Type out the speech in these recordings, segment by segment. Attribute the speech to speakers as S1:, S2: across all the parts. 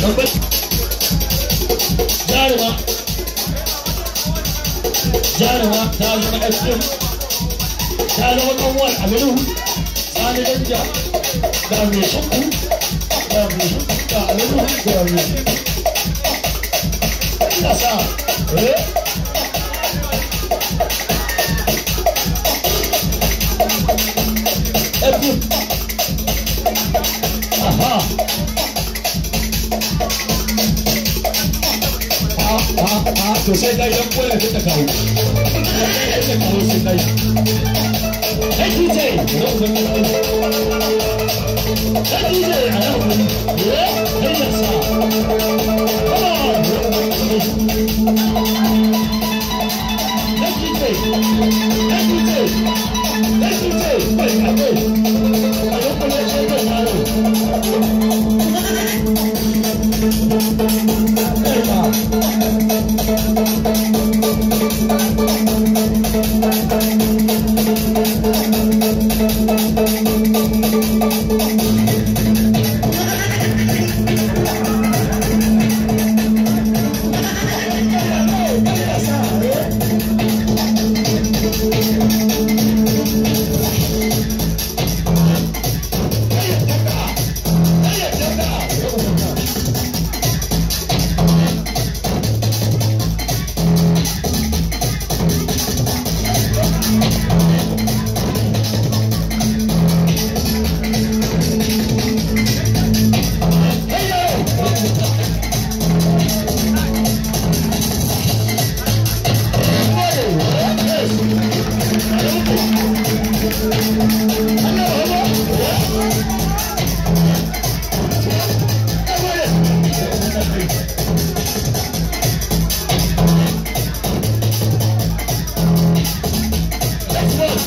S1: Number Jarima Jarima ta zama SM ta zama kanwar a garin Sani Danja ga mai shakku ga mai shakku ga a garin ga mai shakku. Nasa, eh? Aha! 啊啊！做細弟飲杯係好隻牛，一隻牛細弟。哎，DJ，哎 DJ，哎呀，哎呀，哎呀，哎呀！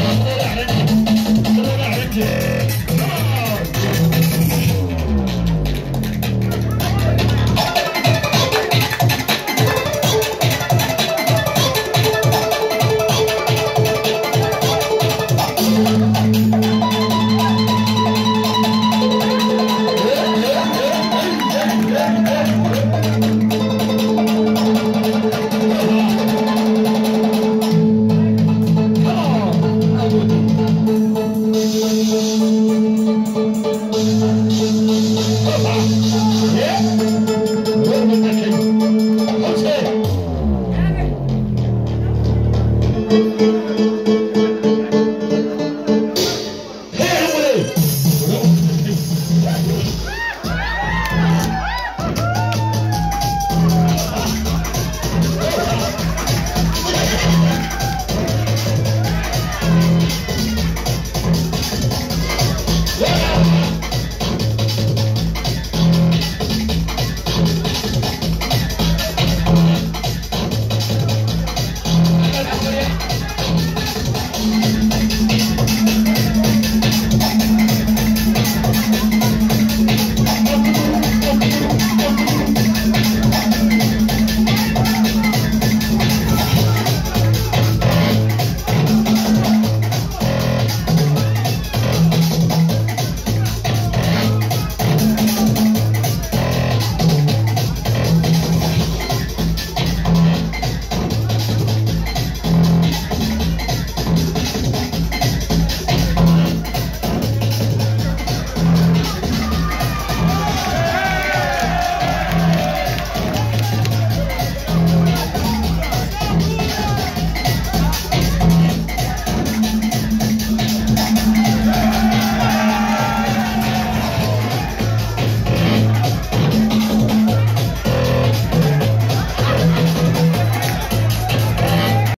S1: Thank you. Thank you.